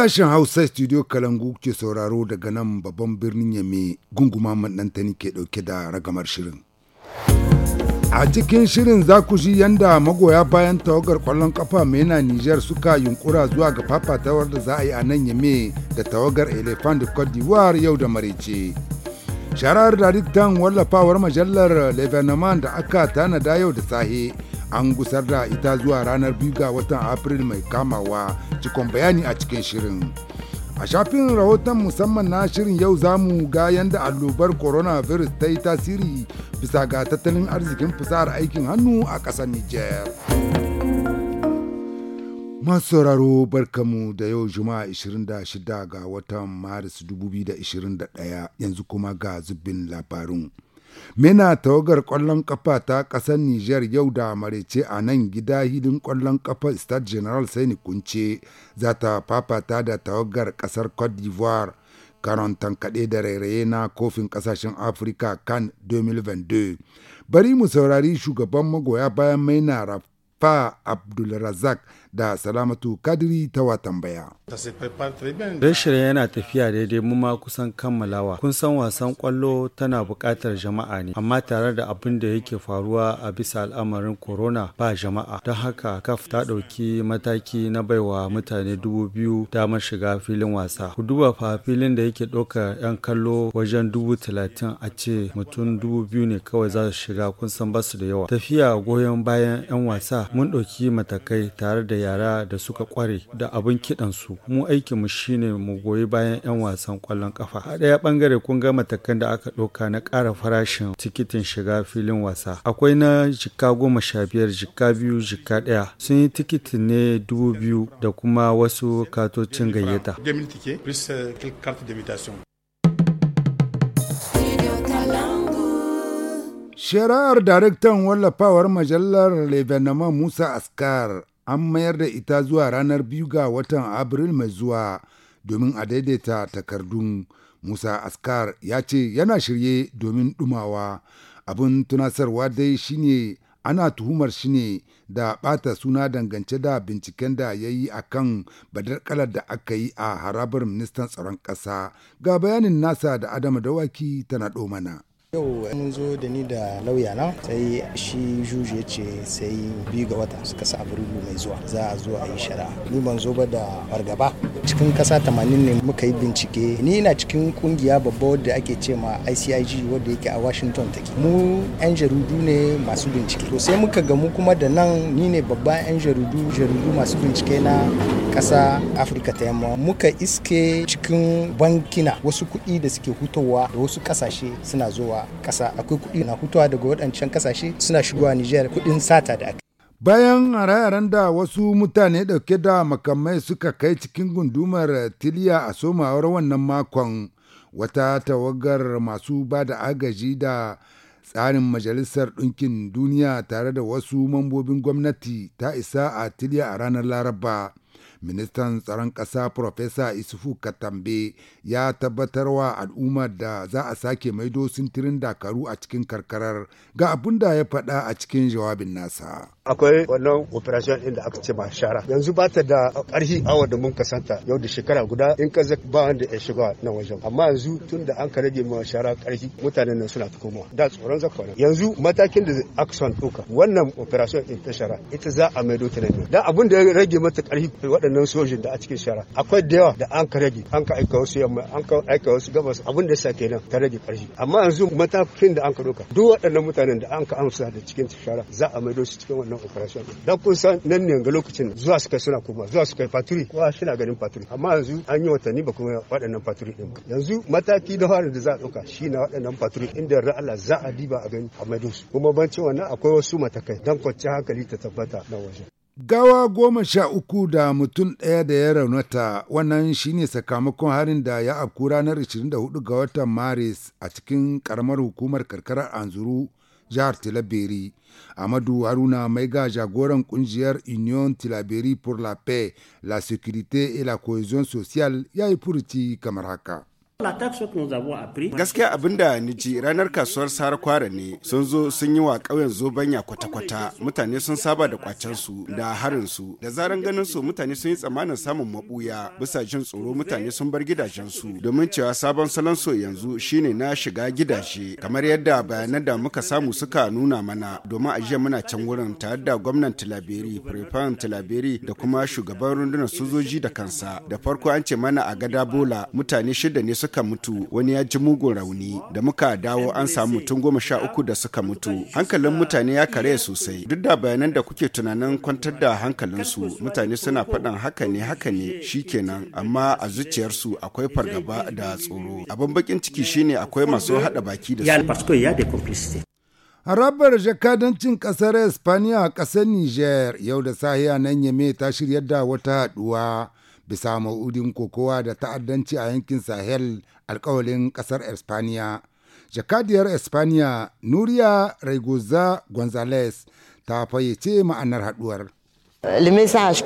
Sashen Hausa Studio Kalangu ke sauraro daga nan babban birnin Yame gunguma maɗantani ke ɗauke da ragamar shirin. A cikin shirin za ku ji yanda magoya bayan tawagar kwallon kafa mena Nijar suka yunkura zuwa ga fafatawar da za a yi a nan Yame da tawagar Elephant de Cote d'Ivoire yau da marece. Sharar daraktan wallafawar majallar levenaman da aka tanada yau da sahe an gusar da ita zuwa ranar biyu ga watan Afril mai kamawa cikon bayani a cikin shirin. A shafin rahoton musamman na shirin yau za mu ga yadda allobar coronavirus ta yi tasiri bisa ga tattalin arzikin fasahar aikin hannu a ƙasar niger. Masu sauraro barkamu da yau Juma'a 26 ga watan Maris 2021 yanzu kuma ga zubin labarun. Mena tawagar ƙwallon ƙafa ta ƙasar Nijar yau da marece a nan gida hidin ƙwallon ƙafa Star General saini Kunce za ta fafata da tawagar ƙasar Cote d'Ivoire karon tankaɗe da rairaye na kofin ƙasashen Afirka kan 2022. Bari mu saurari shugaban magoya bayan maina Rafa Abdulrazak da salamatu kadiri ta wa tambaya. Rashin yana tafiya daidai mu ma kusan kammalawa. Kun san wasan kwallo tana buƙatar jama'a ne, amma tare da abin da yake faruwa a bisa al'amarin corona ba jama'a. Don haka kaf ta ɗauki mataki na baiwa mutane dubu biyu damar shiga filin wasa. Ku duba fa filin da yake ɗaukar 'yan kallo wajen dubu talatin a ce mutum dubu biyu ne kawai za su shiga kun san basu da yawa. Tafiya goyon bayan 'yan wasa mun ɗauki matakai tare da yara da suka kware da abin kiɗansu mu aikinmu shine mu goyi bayan 'yan wasan kwallon kafa a ɗaya bangare kun ga matakan da aka ɗauka na ƙara farashin tikitin shiga filin wasa akwai na jika goma sha biyar jika biyu jika ɗaya sun yi tikiti ne dubu biyu da kuma wasu katocin gayyata Shari'ar daraktan wallafawar majalar Lebanon Musa Askar an mayar da ita zuwa ranar biyu ga watan Abril mai zuwa domin a daidaita takardun. Musa Askar ya ce yana shirye domin dumawa. Abin tunasarwa dai shine ana tuhumar shi ne da bata suna dangance da binciken da ya yi a kan badar kalar da aka yi a harabar ministan tsaron ƙasa ga bayanin nasa da adama dawaki tana ɗo mana. yau eh, mun zo da ni da lauya na sai shi juju ya ce sai biyu ga wata suka sa abrilu mai zuwa za a zo a yi shari'a ni ban zo ba da fargaba cikin kasa tamanin ne muka yi bincike ni ina cikin kungiya babba wadda ake ce ma ICIG wadda yake a Washington take mu yan jaridu ne masu bincike to sai muka gamu kuma da nan ni ne babban yan jaridu jaridu masu bincike na kasa Afirka ta yamma muka iske cikin bankina wasu kuɗi da suke hutowa da wasu ƙasashe suna zuwa wa kasa akwai kuɗi na hutuwa daga wadancan kasashe suna shigowa Nijar kuɗin sata da aka. Bayan hare-haren da wasu mutane ɗauke da makamai suka kai cikin gundumar Tiliya a somawar wannan makon wata tawagar masu ba da agaji da tsarin majalisar ɗinkin duniya tare da wasu mambobin gwamnati ta isa a Tiliya a ranar Laraba. ministan tsaron ƙasa Profesa Isufu Katambe ya tabbatarwa al'ummar da za a sake maido sintirin dakaru a cikin karkarar ga abin da ya faɗa a cikin jawabin nasa. Akwai wannan operation ɗin da aka ce ma shara. Yanzu ba ta da ƙarfi awa da mun kasanta yau da shekara guda in ka ba wanda ya shiga na wajen. Amma yanzu tun da an ka rage ma shara ƙarfi mutanen nan suna ta komawa. Da tsoron zakwa Yanzu matakin da aka son ɗauka wannan operation ɗin ta shara ita za a maido ta nan. Da abin da ya rage mata ƙarfi waɗanda waɗannan sojin da a cikin shara akwai da yawa da an ka rage an ka aika wasu yamma an ka aika wasu gabas abin da sa kenan ta rage ƙarshe amma yanzu matakin da an ka ɗauka duk waɗannan mutanen da an ka amsa da cikin shara za a maido su cikin wannan operation dan kun san nan ne ga lokacin zuwa su kai suna kuma zuwa su kai faturi kowa suna ganin faturi amma yanzu an yi watanni ba kuma waɗannan faturi ɗin yanzu mataki da fara da za a ɗauka shi na waɗannan faturi inda Allah za a diba a gani a maido su kuma bancin wannan akwai wasu matakai dan kwanciyar hankali ta tabbata na waje. Gawa goma sha uku da mutum ɗaya da ya raunata wannan shine sakamakon harin da ya afku ranar 24 ga watan Maris a cikin karamar hukumar karkarar Anzuru jihar Tilaberi. Amadu Haruna mai ga jagoran ƙungiyar Union Tilaberi pour la Paix, la Sécurité et la Cohésion Sociale ya yi furuci kamar haka. Gaskiya abinda ni ji ranar kasuwar Sahar Kwara ne sun zo sun yi wa ƙauyen zobanya kwata-kwata mutane sun saba da kwacen su da harin su da zaran ganin su mutane sun yi tsammanin samun mabuya bisa jin tsoro mutane sun bar gidajen su domin cewa sabon salon so yanzu shine na shiga gidaje kamar yadda bayanan da muka samu suka nuna mana domin ajiya muna can wurin tare da gwamnan Tilaberi, Prefan Tilaberi da kuma shugaban rundunar sojoji da kansa da farko an ce mana a gada bola mutane shida ne suka suka mutu wani ya ji mugun rauni da muka dawo an samu mutum goma sha uku da suka mutu hankalin mutane ya kare sosai duk da bayanan da kuke tunanin kwantar da hankalinsu mutane suna faɗan haka ne haka ne shikenan amma a zuciyarsu akwai fargaba da tsoro abin bakin ciki shine akwai masu haɗa baki da su Harabar jakadancin ƙasar Espaniya a ƙasar Niger yau da sahiya nan Yame ta shirya da wata haɗuwa bisa ma'udin kokowa da ta'addanci a yankin sahel alkawalin kasar espaniya jakadiyar espaniya nuria raigoza gonzales ta fayyace ma'anar haduwar Le message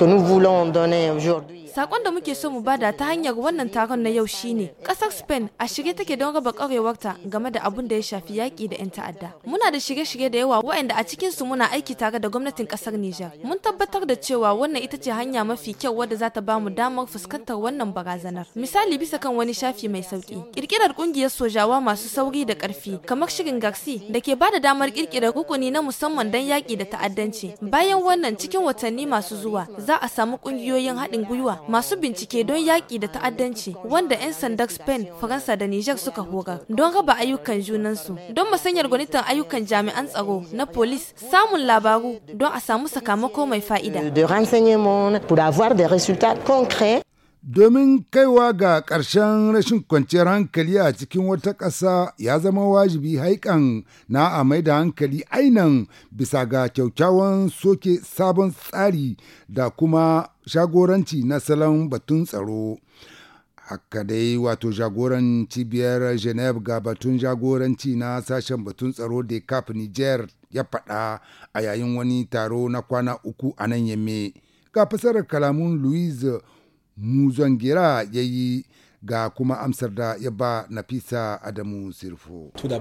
Sakon da muke so mu bada ta hanyar wannan taron na yau shine ƙasar Spain a shirye take don raba kwarewarta game da abun da ya shafi yaki da 'yan ta'adda. Muna da shirye-shirye da yawa waɗanda a cikin su muna aiki tare da gwamnatin ƙasar Niger. Mun tabbatar da cewa wannan ita ce hanya mafi kyau wadda za ta ba mu damar fuskantar wannan barazanar. Misali bisa kan wani shafi mai sauki. Ƙirƙirar ƙungiyar sojawa masu sauri da karfi kamar shirin Garsi da ke ba da damar ƙirƙirar rukuni na musamman don yaƙi da ta'addanci. Bayan wannan cikin watanni masu zuwa za a samu ƙungiyoyin haɗin gwiwa masu bincike don yaƙi da ta'addanci wanda 'yan sandan Spain, Faransa da niger suka horar don raba ayyukan junansu don masanyar gwanitan ayyukan jami'an tsaro na polis samun labaru don a samu sakamako mai fa'ida. De renseignement pour avoir des résultats Domin kaiwa ga ƙarshen rashin kwanciyar hankali a cikin wata ƙasa ya zama wajibi haikan na a mai da hankali ainan bisa ga kyaukyawan soke sabon tsari da kuma shagoranci na salon batun tsaro. haka dai wato jagoranci biyar geneve ga batun jagoranci na sashen batun tsaro da cap niger ya faɗa a yayin wani taro na kwana uku a nan yamme ga fasarar kalamun louise muzangira ya yi ga kuma amsar da ya ba Nafisa Adamu Sirfo. Da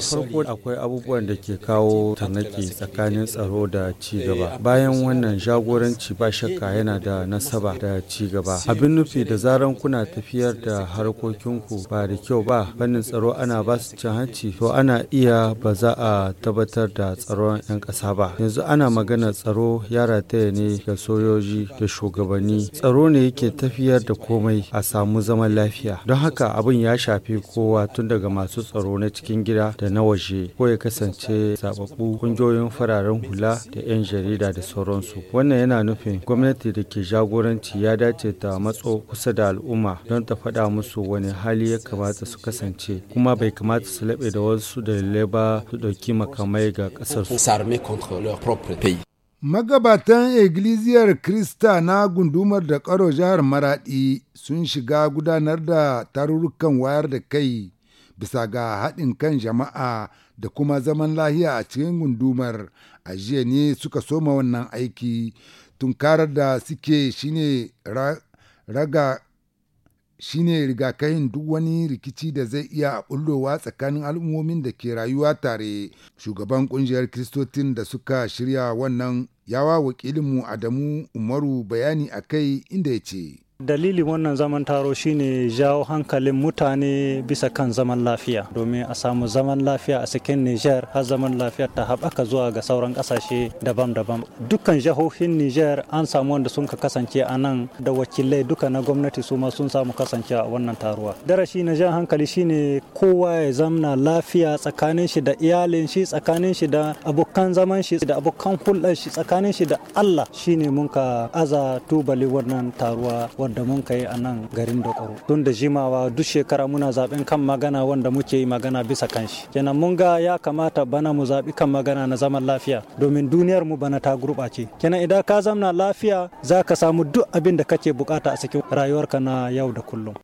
farko akwai abubuwan da ke kawo tanaki tsakanin tsaro da ci gaba. Bayan wannan jagoranci ba shakka yana da nasaba da cigaba Abin nufi da zaran kuna tafiyar da harkokinku ba da kyau ba fannin tsaro ana ba su cin hanci to ana iya ba za a tabbatar da tsaron 'yan ƙasa ba. Yanzu ana magana tsaro ya rataya ne ga sojoji da shugabanni. Tsaro ne yake tafiyar da komai a samu zama zaman lafiya don haka abin ya shafi kowa tun daga masu tsaro na cikin gida da na waje ko ya kasance zababbu kungiyoyin fararen hula da 'yan jarida da sauransu wannan yana nufin gwamnati da ke jagoranci ya dace ta matso kusa da al'umma don ta faɗa musu wani hali ya kamata su kasance kuma bai kamata su laɓe da wasu dalilai ba su ɗauki makamai ga ƙasar su Magabatan egiliziyar Krista na gundumar da ƙaro jihar Maraɗi sun shiga gudanar da tarurrukan wayar da kai bisa ga haɗin kan jama'a da kuma zaman lahiya a cikin gundumar a jiya ne suka soma wannan aiki tunkarar da suke shine raga shine rigakafin duk wani rikici da zai iya bullowa tsakanin al'ummomin da ke rayuwa tare shugaban kungiyar kristotin da suka shirya wannan ya yawa wakilinmu Adamu Umaru bayani a kai inda ya ce. dalilin wannan zaman taro shine jawo hankalin mutane bisa kan zaman lafiya domin a samu zaman lafiya a cikin niger har zaman lafiya ta haɓaka zuwa ga sauran ƙasashe daban-daban dukkan jihohin niger an samu wanda sun ka kasance a nan da wakilai duka na gwamnati su ma sun samu kasance a wannan taruwa darashi na jan hankali shine kowa ya zamna lafiya tsakanin shi da iyalin shi tsakanin shi da abokan zaman shi da abokan hulɗar shi tsakanin shi da allah shine mun ka aza tubali wannan taruwa da mun kai a nan garin Dokoro. Tun da jimawa duk shekara muna zaben kan magana wanda muke yi magana bisa kan shi. Kenan mun ga ya kamata bana mu zaɓi kan magana na zaman lafiya domin duniyar mu bana ta gurɓace. Kenan idan ka zamna lafiya za ka samu duk abin da kake bukata a cikin rayuwarka na yau da kullum.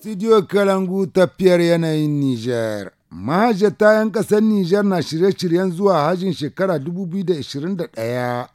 Studio Kalangu tafiyar yanayin Nijar. Mahajjata 'yan ƙasar Nijar na shirye-shiryen zuwa hajjin shekara 2021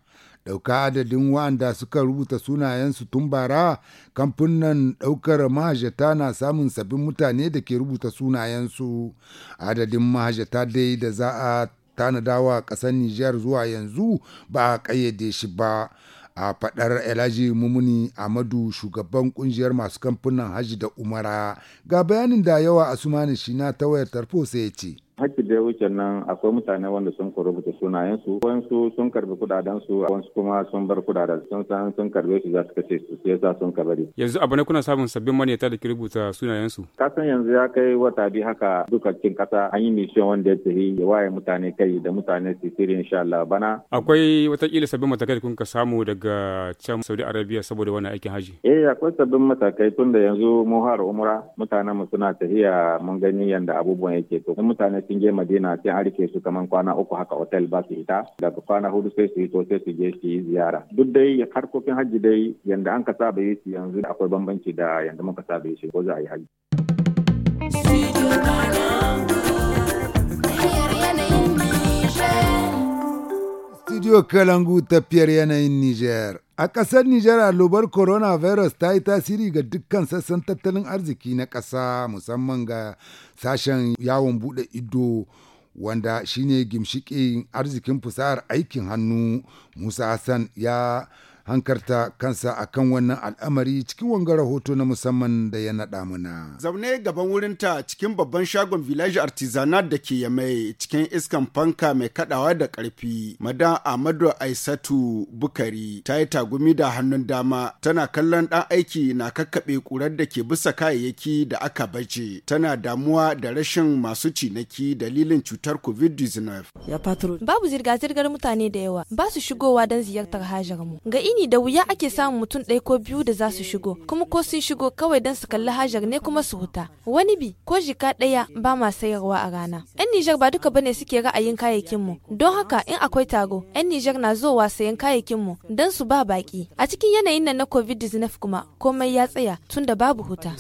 ɗauka adadin wanda suka rubuta sunayensu tun bara kamfunan ɗaukar mahajata na samun sabbin mutane da ke rubuta sunayensu adadin mahajata dai da za a tanadawa ƙasar Nijar zuwa yanzu ba a ƙayyade shi ba. a faɗar elaji mumuni amadu shugaban ƙungiyar masu kamfunan hajji da umara ga bayanin da yawa a sumani shi na ta wayar tarfo sai ya ce hakki da wuce nan akwai mutane wanda sun rubuta sunayensu wansu sun karbi kudadensu wansu kuma sun bar kudaden sun san sun karbe su za su kace su sai sa sun yanzu abu ne kuna samun sabbin maneta da ke rubuta sunayensu kasan yanzu ya kai wata biyu haka duka cikin kasa an yi mission wanda ya tafi ya waye mutane kai da mutane su tsiri insha Allah bana akwai watakila sabbin matakai da kuka samu daga can Saudi Arabia saboda wannan aikin haji eh akwai sabbin matakai tun da yanzu mu har umra mutanen mu suna tafiya mun gani yanda abubuwan yake to mutane sun je madina sai an rike su kaman kwana uku haka otel ba su hita daga kwana hudu sai su hito sai su je su yi ziyara duk dai harkokin hajji dai yanda an ka saba yi su yanzu akwai bambanci da yanda muka saba yi ko za a yi hajji. Studio Kalangu tafiyar yanayin Niger. A ƙasar Nijar alubar coronavirus ta yi tasiri ga dukkan sassan tattalin arziki na ƙasa musamman ga sashen yawon buɗe ido wanda shine gimshiƙin arzikin fusahar aikin hannu Musa Hassan ya hankarta kansa a kan wannan al'amari cikin wanga rahoto na musamman da ya naɗa muna. Zaune gaban wurinta cikin babban shagon village artisanat da ke yamai cikin iskan fanka mai kaɗawa da ƙarfi. Madan Ahmadu Aisatu Bukari ta yi tagumi da hannun dama tana kallon ɗan aiki na kakkaɓe ƙurar da ke bisa kayayyaki da aka baje. Tana damuwa da rashin masu cinaki dalilin cutar COVID-19. Babu zirga-zirgar mutane da yawa ba su shigowa don ziyartar hajjar mu. Ga ini sani da wuya ake samun mutum ɗaya ko biyu da za su shigo, kuma ko sun shigo kawai don su kalli hajar ne kuma su huta. Wani bi ko jika ɗaya ba ma sayarwa a rana. 'Yan Nijar ba duka bane suke ra'ayin kayayyakin mu. Don haka in akwai taro, 'yan Nijar na zowa sayan kayayyakin mu don su ba baki. A cikin yanayin nan na COVID-19 kuma komai ya tsaya tun da babu huta.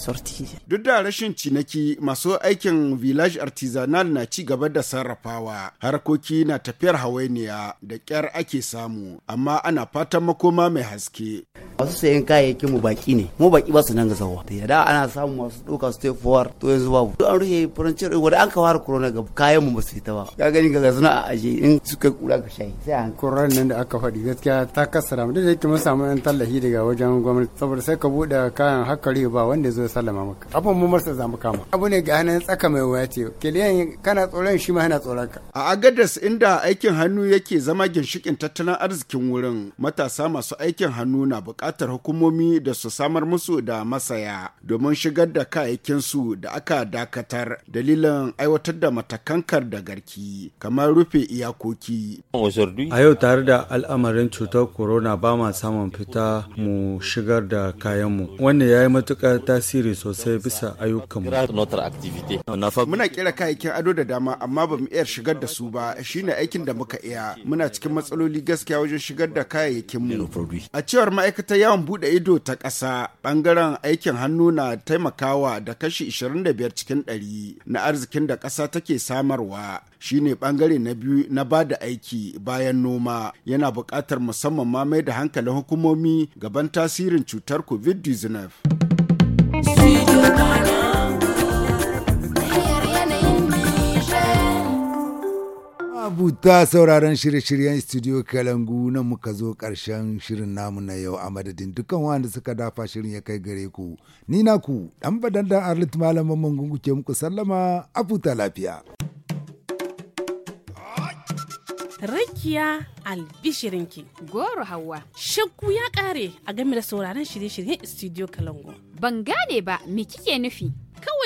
Duk da rashin cinaki masu aikin village artisanal na ci gaba da sarrafawa. Harkoki na tafiyar hawainiya da kyar ake samu, amma ana fatan makoma mai haske. Masu sayan kayayyakin mu baki ne, mu baki ba su nan gazawa. Da yada ana samun masu ɗauka su ta fowar to yanzu babu. Duk an rufe furancin rai wanda an kawar korona ga kayan mu ba su ta ba. Ka gani ga suna a aje in suka kura ka shayi. Sai an corona nan da aka faɗi gaskiya ta kasara mu da yake mun samu ɗan tallafi daga wajen gwamnati saboda sai ka buɗe kayan hakari ba wanda zai sallama maka. Abin mu marsa za mu kama. Abu ne ga hannun tsaka mai wuya ce. Kiliyan kana tsoron shi ma yana tsoron ka. A Agadas inda aikin hannu yake zama ginshikin tattalin arzikin wurin matasa masu masu aikin hannu na buƙatar hukumomi da su samar musu da masaya domin shigar da kayayyakinsu da aka dakatar dalilin aiwatar da matakankar da garki kamar rufe iyakoki. A yau tare da al'amarin cutar corona ba ma samun fita mu shigar da kayanmu. Wannan ya yi matuƙar tasiri sosai bisa ayyukanmu. Muna kira kayayyakin ado da dama amma ba mu iya shigar da su ba shine aikin da muka iya. Muna cikin matsaloli gaskiya wajen shigar da kayayyakinmu. A cewar ma'aikatar yawon buɗe ido ta ƙasa ɓangaren aikin hannu na taimakawa da kashi 25 cikin 100 na arzikin da ƙasa take samarwa shine ɓangare na biyu na ba da aiki bayan noma yana buƙatar musamman ma mai da hankalin hukumomi gaban tasirin cutar covid-19. Ma'abuta sauraron shirye-shiryen Studio Kalangu na muka zo karshen shirin namu na yau a madadin dukkan wanda suka dafa shirin ya kai gare ku. Ni na ku dan badan dan Arlit Malaman Mangungu ke muku sallama a futa lafiya. Rakiya albishirinki goro hawa shakku ya ƙare a game da sauraron shirye-shiryen Studio Kalangu. Ban gane ba me kike nufi?